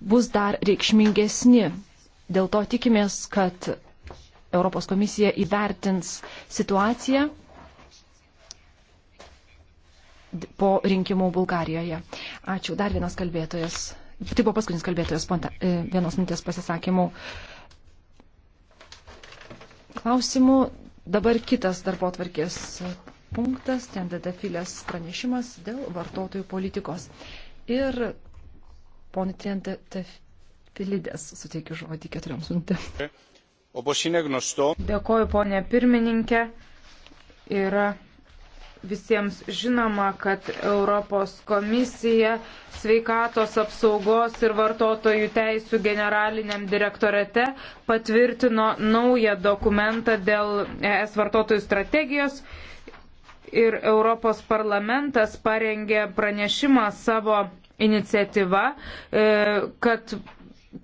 bus dar reikšmingesni. Dėl to tikimės, kad Europos komisija įvertins situaciją po rinkimų Bulgarijoje. Ačiū. Dar vienas kalbėtojas. Tai buvo paskutinis kalbėtojas ponta, e, vienos minties pasisakymų. Klausimų. Dabar kitas darbo atvarkės punktas, ten dedafilės pranešimas dėl vartotojų politikos. Ir Pone Trientė Filidės suteikiu žodį keturioms minutėms. Dėkoju, ponė pirmininkė. Yra visiems žinoma, kad Europos komisija sveikatos apsaugos ir vartotojų teisų generaliniam direktorate patvirtino naują dokumentą dėl ES vartotojų strategijos ir Europos parlamentas parengė pranešimą savo iniciatyva, e, kad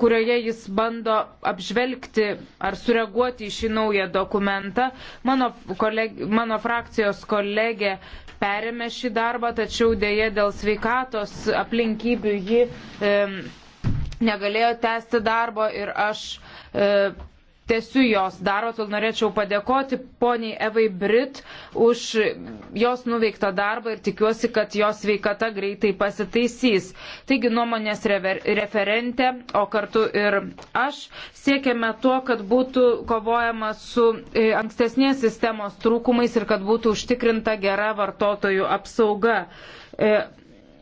kurioje jis bando apžvelgti ar sureaguoti į šį naują dokumentą. Mano, koleg, mano frakcijos kolegė perėmė šį darbą, tačiau dėje dėl sveikatos aplinkybių ji e, negalėjo tęsti darbo ir aš e, tesiu jos darbą, tol norėčiau padėkoti poniai Evai Brit už jos nuveiktą darbą ir tikiuosi, kad jos veikata greitai pasitaisys. Taigi nuomonės referentė, o kartu ir aš siekiame to, kad būtų kovojama su e, ankstesnės sistemos trūkumais ir kad būtų užtikrinta gera vartotojų apsauga. E,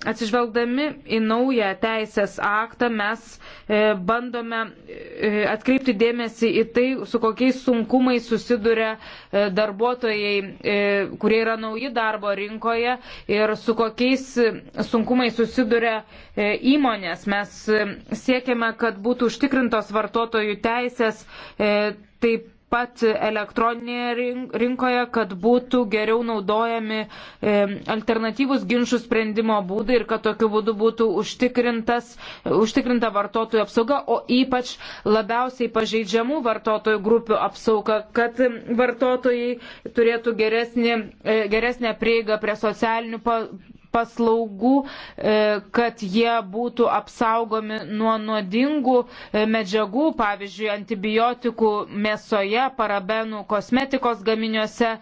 Atsižvelgdami į naują teisės aktą mes e, bandome e, atkreipti dėmesį į tai, su kokiais sunkumais susiduria e, darbuotojai, kurie yra nauji darbo rinkoje ir su kokiais sunkumais susiduria įmonės. Mes siekiame, kad būtų užtikrintos vartotojų teisės, taip pat elektroninėje rinkoje, kad būtų geriau naudojami e, alternatyvus ginčių sprendimo būdai ir kad tokiu būdu būtų užtikrinta vartotojų apsauga, o ypač labiausiai pažeidžiamų vartotojų grupių apsauga, kad vartotojai turėtų geresnį, e, geresnę prieigą prie socialinių paslaugų, e, kad jie būtų apsaugomi nuo nuodingų e, medžiagų, pavyzdžiui, antibiotikų mėsoje, parabenų kosmetikos gaminiuose.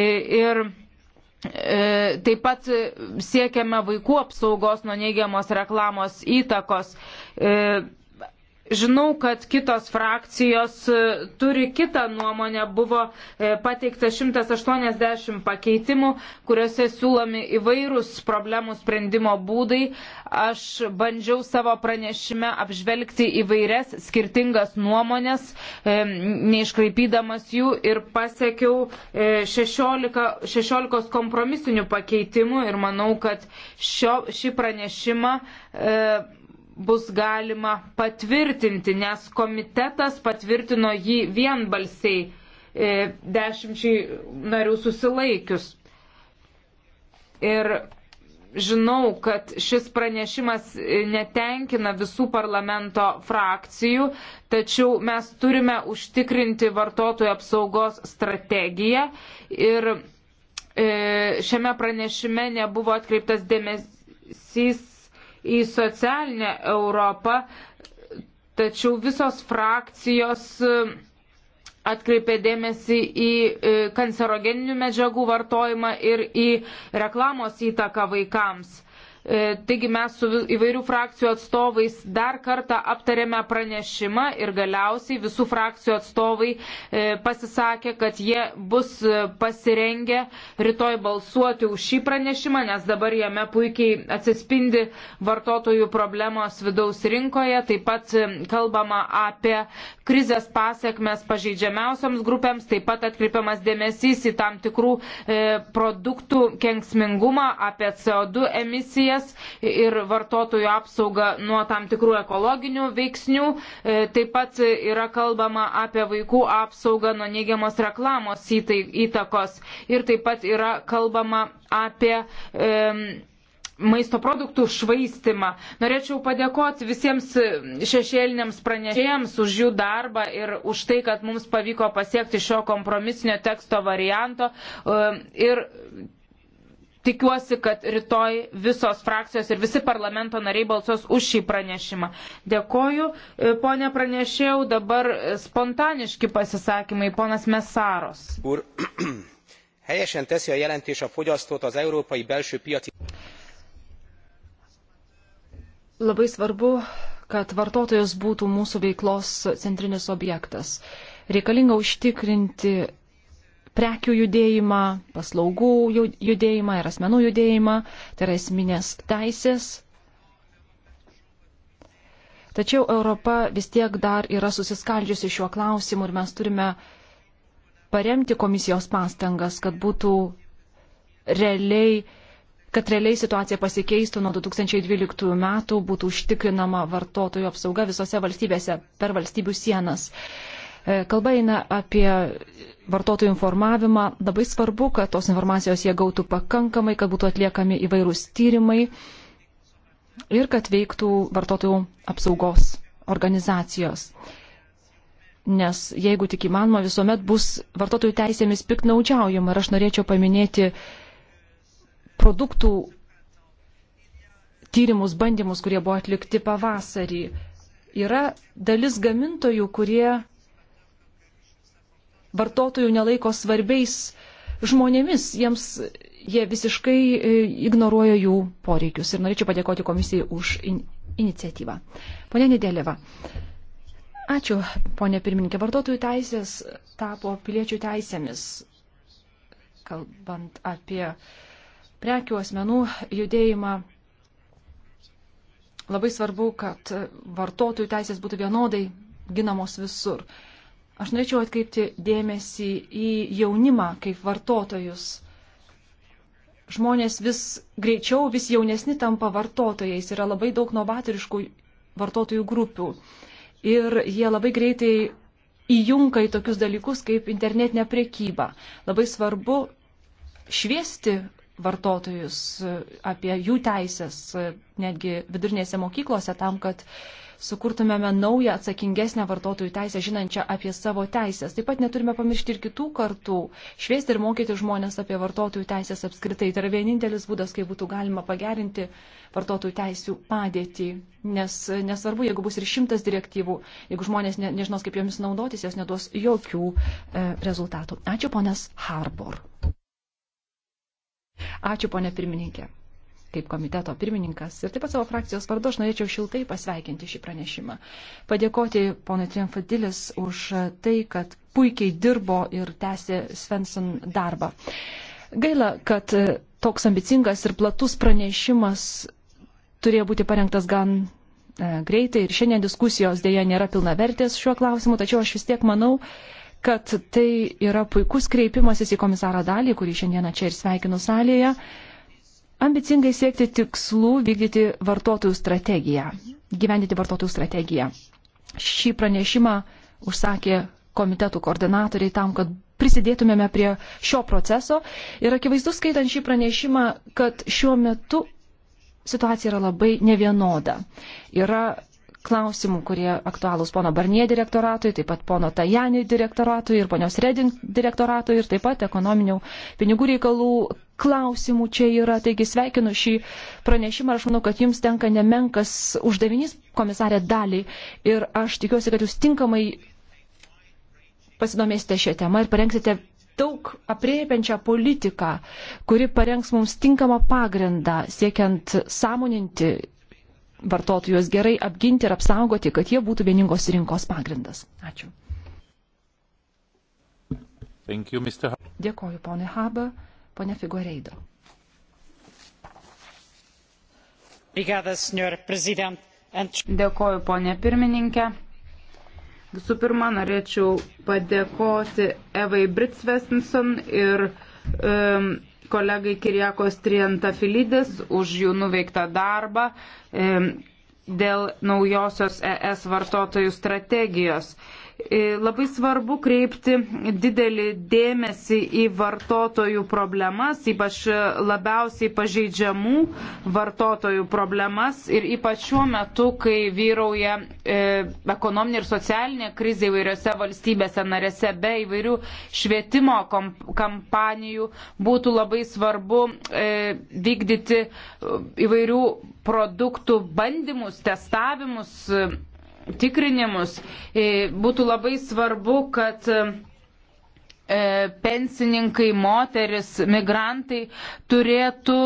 E, ir Taip pat siekiame vaikų apsaugos nuo neigiamos reklamos įtakos. Žinau, kad kitos frakcijos e, turi kitą nuomonę. Buvo e, pateikta 180 pakeitimų, kuriuose siūlomi įvairūs problemų sprendimo būdai. Aš bandžiau savo pranešime apžvelgti įvairias skirtingas nuomonės, e, neiškraipydamas jų ir pasiekiau 16, 16 kompromisinių pakeitimų ir manau, kad šio, šį pranešimą bus galima patvirtinti, nes komitetas patvirtino jį vienbalsiai e, dešimčiai narių susilaikius. Ir žinau, kad šis pranešimas e, netenkina visų parlamento frakcijų, tačiau mes turime užtikrinti vartotojų apsaugos strategiją ir e, šiame pranešime nebuvo atkreiptas dėmesys į socialinę Europą, tačiau visos frakcijos e, atkreipė dėmesį į e, kancerogeninių medžiagų vartojimą ir į reklamos įtaką vaikams. E, taigi mes su įvairių frakcijų atstovais dar kartą aptarėme pranešimą ir galiausiai visų frakcijų atstovai e, pasisakė, kad jie bus e, pasirengę rytoj balsuoti už šį pranešimą, nes dabar jame puikiai atsispindi vartotojų problemos vidaus rinkoje. Taip pat kalbama apie krizės pasiekmes pažeidžiamiausiams grupėms, taip pat atkreipiamas dėmesys į tam tikrų produktų kenksmingumą, apie CO2 emisijas taisyklės ir vartotojų apsaugą nuo tam tikrų ekologinių veiksnių. E, taip pat yra kalbama apie vaikų apsaugą nuo neigiamos reklamos įtakos ir taip pat yra kalbama apie. E, maisto produktų švaistimą. Norėčiau padėkoti visiems šešėliniams pranešėjams už jų darbą ir už tai, kad mums pavyko pasiekti šio kompromisinio teksto varianto. Ir tikiuosi, kad rytoj visos frakcijos ir visi parlamento nariai balsuos už šį pranešimą. Dėkoju, e, ponė pranešėjau, dabar spontaniški pasisakymai, ponas Mesaros. Kur helyesen teszi a jelentés a fogyasztót az európai belső piaci. Labai svarbu, kad vartotojas būtų mūsų veiklos centrinis objektas. Reikalinga užtikrinti prekių judėjimą, paslaugų judėjimą ir asmenų judėjimą, tai yra esminės teisės. Tačiau Europa vis tiek dar yra susiskaldžiusi šiuo klausimu ir mes turime paremti komisijos pastangas, kad būtų realiai kad realiai situacija pasikeistų nuo 2012 metų, būtų užtikrinama vartotojų apsauga visose valstybėse per valstybių sienas. E, kalba eina apie vartotojų informavimą. Labai svarbu, kad tos informacijos jie gautų pakankamai, kad būtų atliekami įvairūs tyrimai ir kad veiktų vartotojų apsaugos organizacijos. Nes jeigu tik įmanoma, visuomet bus vartotojų teisėmis piknaudžiaujama. Ir aš norėčiau paminėti produktų tyrimus, bandymus, kurie buvo atlikti pavasarį. Yra dalis gamintojų, kurie vartotojų nelaiko svarbiais žmonėmis, jiems jie visiškai e, ignoruoja jų poreikius. Ir norėčiau padėkoti komisijai už in iniciatyvą. Pone Nedėlėva, ačiū, ponė pirmininkė. Vartotojų teisės tapo piliečių teisėmis, kalbant apie prekių asmenų judėjimą. Labai svarbu, kad vartotojų teisės būtų vienodai ginamos visur. Aš norėčiau atkreipti dėmesį į jaunimą kaip vartotojus. Žmonės vis greičiau, vis jaunesni tampa vartotojais. Yra labai daug novatoriškų vartotojų grupių. Ir jie labai greitai įjunka į tokius dalykus kaip internetinė priekyba. Labai svarbu šviesti vartotojus apie jų teisės, netgi vidurinėse mokyklose, tam, kad sukurtumėme naują atsakingesnę vartotojų teisę, žinančią apie savo teisės. Taip pat neturime pamiršti ir kitų kartų, šviesti ir mokyti žmonės apie vartotojų teisės apskritai. Tai yra vienintelis būdas, kaip būtų galima pagerinti vartotojų teisų padėtį. Nes nesvarbu, jeigu bus ir šimtas direktyvų, jeigu žmonės ne, nežinos, kaip jomis naudotis, jos neduos jokių e, rezultatų. Ačiū, ponas Harbor. Ačiū, ponė pirmininkė kaip komiteto pirmininkas. Ir taip pat savo frakcijos vardu aš norėčiau šiltai pasveikinti šį pranešimą. Padėkoti ponui Triumfadilis už tai, kad puikiai dirbo ir tęsė Svensson darbą. Gaila, kad toks ambicingas ir platus pranešimas turėjo būti parengtas gan e, greitai ir šiandien diskusijos dėja nėra pilna vertės šiuo klausimu, tačiau aš vis tiek manau, kad tai yra puikus kreipimasis į komisarą dalį, kurį šiandieną čia ir sveikinu salėje. Uh, ambicingai siekti tikslų, vykdyti vartotojų strategiją, gyvendyti vartotojų strategiją. Šį pranešimą užsakė komitetų koordinatoriai tam, kad prisidėtumėme prie šio proceso. Ir akivaizdu skaitant šį pranešimą, kad šiuo metu situacija yra labai nevienoda. Yra klausimų, kurie aktualūs pono Barnie direktoratui, taip pat pono Tajani direktoratui ir ponios Reding direktoratui ir taip pat ekonominių pinigų reikalų klausimų čia yra, taigi sveikinu šį pranešimą, aš manau, kad jums tenka nemenkas uždavinys, komisarė dalį, ir aš tikiuosi, kad jūs tinkamai pasidomėsite šią temą ir parengsite daug apriepiančią politiką, kuri parengs mums tinkamą pagrindą siekiant sąmoninti vartotojus gerai apginti ir apsaugoti, kad jie būtų vieningos rinkos pagrindas. Ačiū. You, Dėkoju, ponė Haba. Pone Figureido. Dėkoju, ponė pirmininkė. Visų pirma, norėčiau padėkoti Evai Britsvesinson ir um, kolegai Kirjakos Trientafilidis už jų nuveiktą darbą dėl naujosios ES vartotojų strategijos. E, labai svarbu kreipti didelį dėmesį į vartotojų problemas, ypač labiausiai pažeidžiamų vartotojų problemas ir ypač šiuo metu, kai vyrauja e, ekonominė ir socialinė krizė įvairiose valstybėse narėse be įvairių švietimo kampanijų, būtų labai svarbu e, vykdyti e, įvairių produktų bandymus, testavimus. E, tikrinimus. E, būtų labai svarbu, kad e, pensininkai, moteris, migrantai turėtų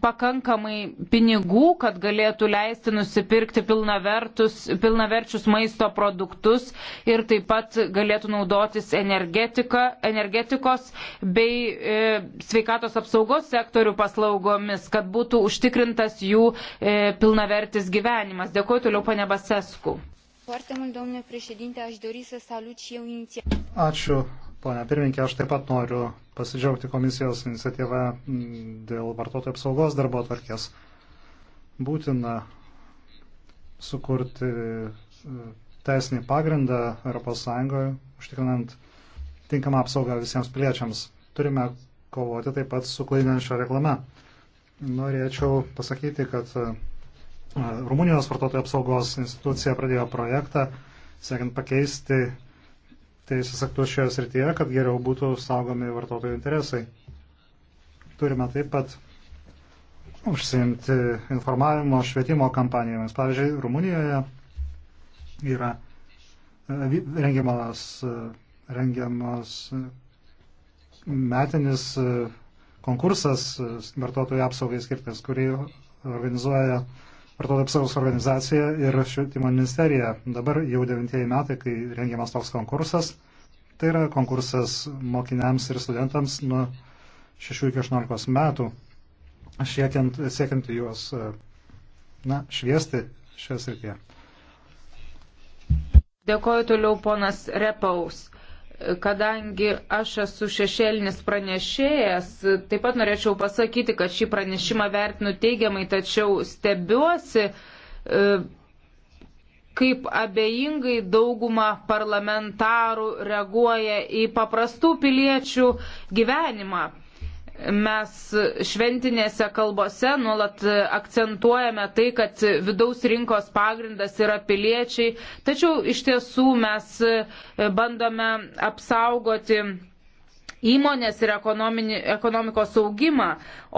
pakankamai pinigų, kad galėtų leisti nusipirkti pilnaverčius maisto produktus ir taip pat galėtų naudotis energetikos bei e, sveikatos apsaugos sektorių paslaugomis, kad būtų užtikrintas jų e, pilnavertis gyvenimas. Dėkuoju toliau, pane Basesku. Ačiū, Pone pirmininkė, aš taip pat noriu pasidžiaugti komisijos iniciatyvą dėl vartotojų apsaugos darbo atvarkės. Būtina sukurti e, teisinį pagrindą ES, užtikrinant tinkamą apsaugą visiems piliečiams. Turime kovoti taip pat su klaidinančia reklama. Norėčiau pasakyti, kad e, Rumunijos vartotojų apsaugos institucija pradėjo projektą, siekiant pakeisti teisės aktus šioje srityje, kad geriau būtų saugomi vartotojų interesai. Turime taip pat užsiimti informavimo, švietimo kampanijomis. Pavyzdžiui, Rumunijoje yra e, rengiamas, e, rengiamas e, metinis konkursas vartotojų apsaugai skirtas, kurį organizuoja uh, vartotojų apsaugos organizacija ir švietimo ministerija. Dabar jau devintieji metai, kai rengiamas toks konkursas. Tai yra konkursas mokiniams ir studentams nuo 6 iki 18 metų, siekiant, siekiant juos na, šviesti šią srityje. Dėkoju toliau ponas Repaus. Kadangi aš esu šešėlinis pranešėjas, taip pat norėčiau pasakyti, kad šį pranešimą vertinu teigiamai, tačiau stebiuosi, e, kaip abejingai dauguma parlamentarų reaguoja į paprastų piliečių gyvenimą mes šventinėse kalbose nuolat akcentuojame tai, kad vidaus rinkos pagrindas yra piliečiai, tačiau iš tiesų mes bandome apsaugoti įmonės ir ekonomikos augimą,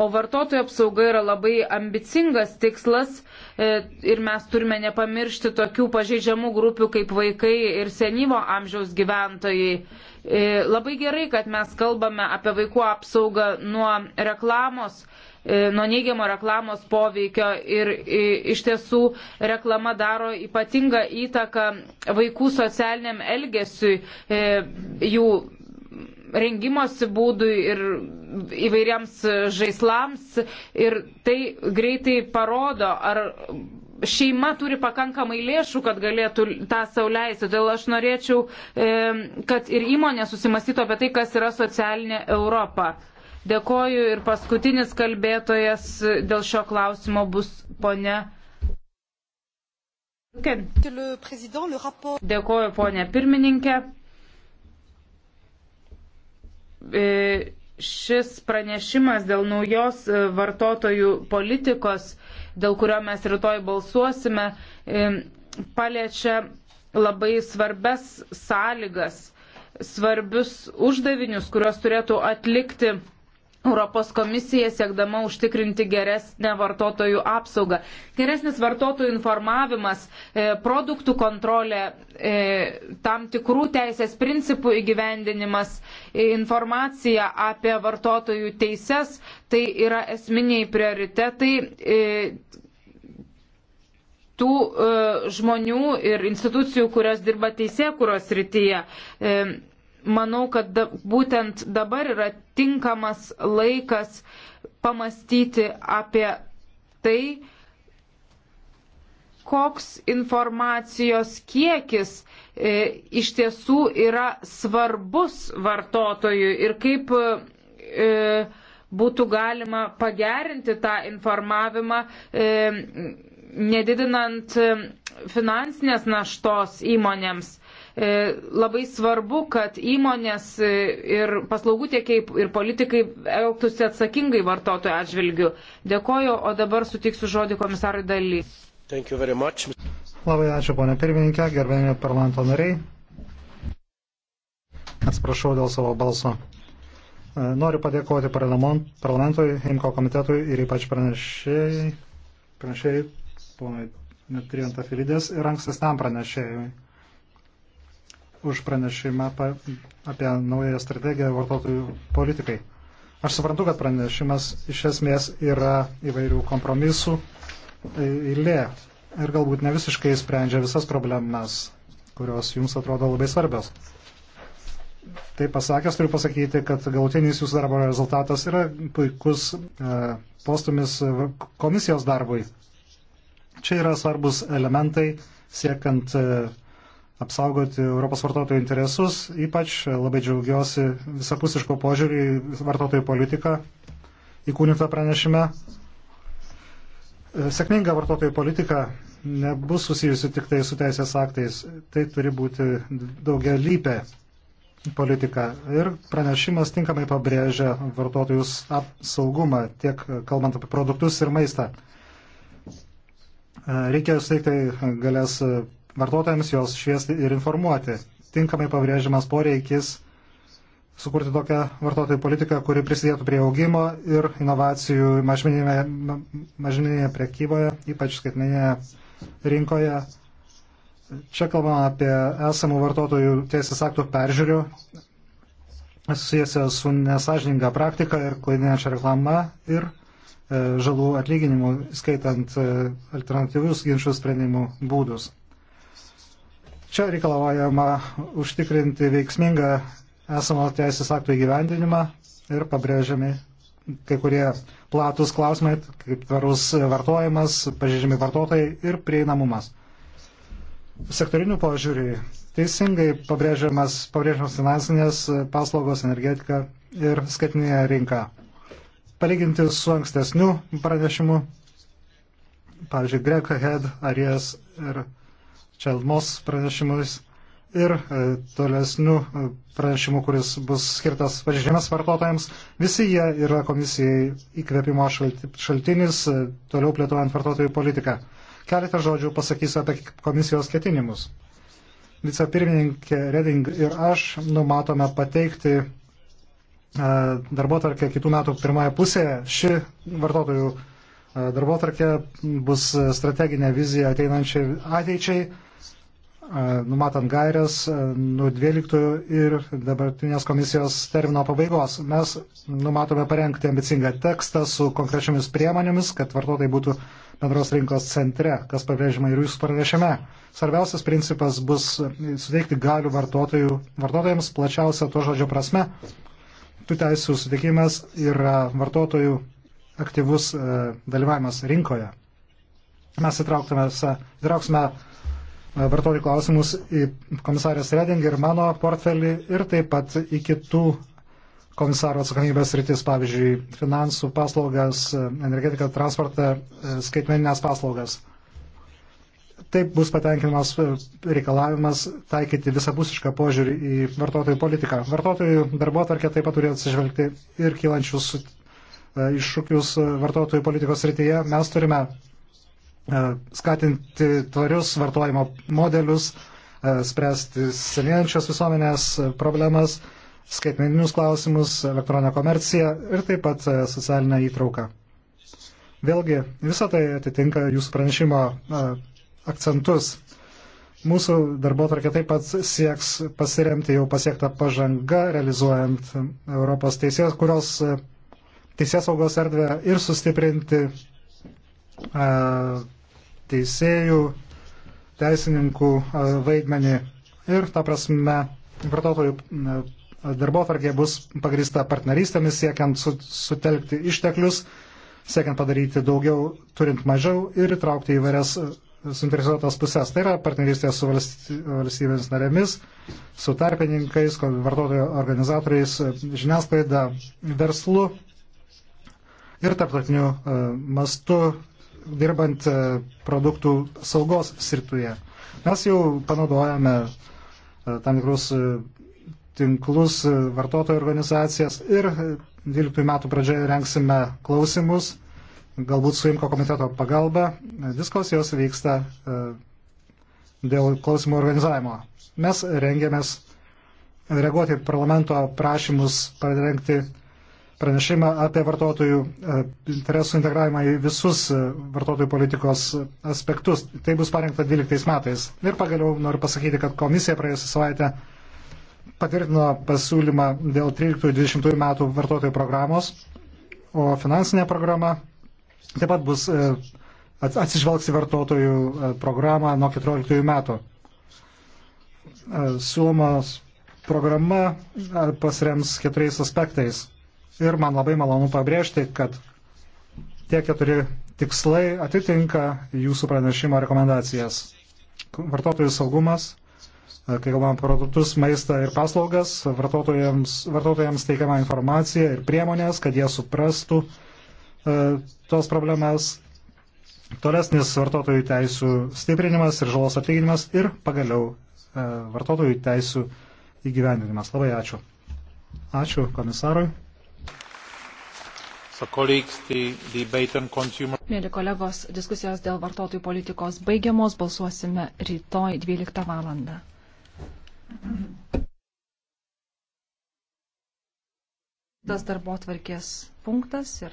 o vartotojų apsauga yra labai ambicingas tikslas e, ir mes turime nepamiršti tokių pažeidžiamų grupių kaip vaikai ir senyvo amžiaus gyventojai. E, labai gerai, kad mes kalbame apie vaikų apsaugą nuo reklamos e, nuo neigiamo reklamos poveikio ir iš tiesų reklama daro ypatingą įtaką vaikų socialiniam elgesiui, jų rengimosi būdui ir įvairiems žaislams. Ir tai greitai parodo, ar šeima turi pakankamai lėšų, kad galėtų tą sauliaisti. Todėl aš norėčiau, e, kad ir įmonė susimastytų apie tai, kas yra socialinė Europa. Dėkoju ir paskutinis kalbėtojas dėl šio klausimo bus ponia. Dėkoju, ponė pirmininkė. E, šis pranešimas dėl naujos e, vartotojų politikos, dėl kurio mes rytoj balsuosime, e, paliečia labai svarbes sąlygas, svarbius uždavinius, kuriuos turėtų atlikti Europos komisija siekdama užtikrinti geresnę vartotojų apsaugą. Geresnis vartotojų informavimas, e, produktų kontrolė, e, tam tikrų teisės principų įgyvendinimas, e, informacija apie vartotojų teises, tai yra esminiai prioritetai tų žmonių ir institucijų, kurios dirba teisė, kurios rytyje manau, kad da, būtent dabar yra tinkamas laikas pamastyti apie tai, koks informacijos kiekis e, iš tiesų yra svarbus vartotojui ir kaip e, e būtų galima pagerinti tą informavimą, e, nedidinant e, finansinės naštos įmonėms. E, labai svarbu, kad įmonės e, ir paslaugų tiekiai ir politikai elgtųsi atsakingai vartotojų atžvilgių. Dėkoju, o dabar sutiksiu žodį komisarui daly. Labai ačiū, ponė pirmininkė, gerbėjami parlamento nariai. Atsiprašau dėl savo balso. E, noriu padėkoti parlamentui, Himko komitetui ir ypač pranešėjai, pranešėjai ponui Triantafilidės ir ankstesniam pranešėjui už pranešimą apie naują strategiją vartotojų politikai. Aš suprantu, kad pranešimas iš esmės yra įvairių kompromisų e, eilė ir galbūt ne visiškai sprendžia visas problemas, kurios jums atrodo labai svarbios. Tai pasakęs turiu pasakyti, kad galutinis jūsų darbo rezultatas yra puikus e, postumis komisijos darbui. Čia yra svarbus elementai siekiant e, apsaugoti Europos vartotojų interesus. Ypač labai džiaugiuosi visapusiško požiūrį į vartotojų politiką įkūnintą pranešime. E, sėkminga vartotojų politika nebus susijusi tik tai su teisės aktais. Tai turi būti daugia lypė politika. Ir pranešimas tinkamai pabrėžia vartotojus saugumą, tiek kalbant apie produktus ir maistą. E, reikia suteikti galės vartotojams jos šviesti ir informuoti. Tinkamai pabrėžiamas poreikis sukurti tokią vartotojų politiką, kuri prisidėtų prie augimo ir inovacijų mažmeninėje prekyboje, ypač skaitmeninėje rinkoje. Čia kalbama apie esamų vartotojų teisės aktų peržiūrių susijusią su nesažininga praktika ir klaidinančia reklama ir e, žalų atlyginimų, skaitant e, alternatyvius ginčių sprendimų būdus. Čia reikalaujama užtikrinti veiksmingą esamo teisės aktų įgyvendinimą ir pabrėžiami kai kurie platus klausimai, kaip tvarus vartojimas, pažeidžiami vartotojai ir prieinamumas. Sektorinių požiūrį teisingai pabrėžiamas, pabrėžiamas finansinės paslaugos, energetika ir skaitinė rinka. Palyginti su ankstesniu pranešimu, pavyzdžiui, Greg Head, Aries ir. Er Čelmos pranešimais ir e, tolesnių e, pranešimų, kuris bus skirtas pažeidžiamas vartotojams. Visi jie yra komisijai įkvėpimo šaltinis, e, toliau plėtojant vartotojų politiką. Keletą žodžių pasakysiu apie komisijos ketinimus. Vicepirmininkė Reding ir aš numatome pateikti darbo tarkė kitų metų pirmąją pusėje. Ši vartotojų darbo tarkė bus strateginė vizija ateinančiai ateičiai numatant gairias nuo 12 ir dabartinės komisijos termino pabaigos. Mes numatome parengti ambicingą tekstą su konkrečiamis priemonėmis, kad vartotojai būtų bendros rinkos centre, kas pabrėžima ir jūsų pranešime. Svarbiausias principas bus suteikti galių vartotojams plačiausia to žodžio prasme. Tų teisų suteikimas yra vartotojų aktyvus dalyvavimas rinkoje. Mes įtrauksime E, vartoti klausimus į komisarės Reding ir mano portfelį ir taip pat į kitų komisaro atsakomybės rytis, pavyzdžiui, finansų paslaugas, e, energetiką, transportą, e, skaitmeninės paslaugas. Taip bus patenkinamas reikalavimas taikyti visapusišką požiūrį į vartotojų politiką. Vartotojų darbo tvarkė taip pat turėtų atsižvelgti ir kylančius iššūkius vartotojų politikos rytyje. Mes turime E, skatinti tvarius vartojimo modelius, e, spręsti senėjančios visuomenės e, problemas, skaitmeninius klausimus, elektroninę komerciją ir taip pat socialinę įtrauką. Vėlgi, visą tai atitinka jūsų pranešimo akcentus. Mūsų darbo tarkė taip pat sieks pasiremti jau pasiektą pažangą, realizuojant Europos teisės, kurios teisės saugos erdvę ir sustiprinti teisėjų, teisininkų vaidmenį ir, ta prasme, vartotojų darbo tvarkė bus pagrįsta partnerystėmis, siekiant su, sutelkti išteklius, siekiant padaryti daugiau, turint mažiau ir įtraukti įvairias suinteresuotas pusės. Tai yra partnerystė su valstybėmis narėmis, su tarpininkais, vartotojų organizatoriais, žiniasklaida, verslu ir tarptautiniu mastu dirbant e, produktų saugos srityje. Mes jau panaudojame e, tam tikrus e, tinklus, vartotojų organizacijas ir 12 metų pradžioje renksime klausimus, galbūt su Imko komiteto pagalba. Diskusijos vyksta dėl klausimų organizavimo. Mes rengiamės reaguoti parlamento prašymus parengti pranešimą apie vartotojų e, interesų integravimą į visus e, vartotojų politikos aspektus. Tai bus parengta 12 metais. Ir pagaliau noriu pasakyti, kad komisija praėjusią savaitę patvirtino pasiūlymą dėl 13-20 metų vartotojų programos, o finansinė programa taip pat bus e, atsižvelgs į vartotojų programą nuo 14 metų. Siūlomos programa pasirems keturiais aspektais Ir man labai malonu pabrėžti, kad tie keturi tikslai atitinka jūsų pranešimo rekomendacijas. Vartotojų saugumas, e, kai kalbam produktus, maistą ir paslaugas, vartotojams, vartotojams teikiama informacija ir priemonės, kad jie suprastų uh, e, tos problemas, tolesnis vartotojų teisų stiprinimas ir žalos atlyginimas ir pagaliau uh, vartotojų teisų įgyvendinimas. Labai ačiū. Ačiū komisarui. Mėly kolegos, diskusijos dėl vartotojų politikos baigiamos, balsuosime rytoj 12 valandą. Tas darbo tvarkės punktas yra.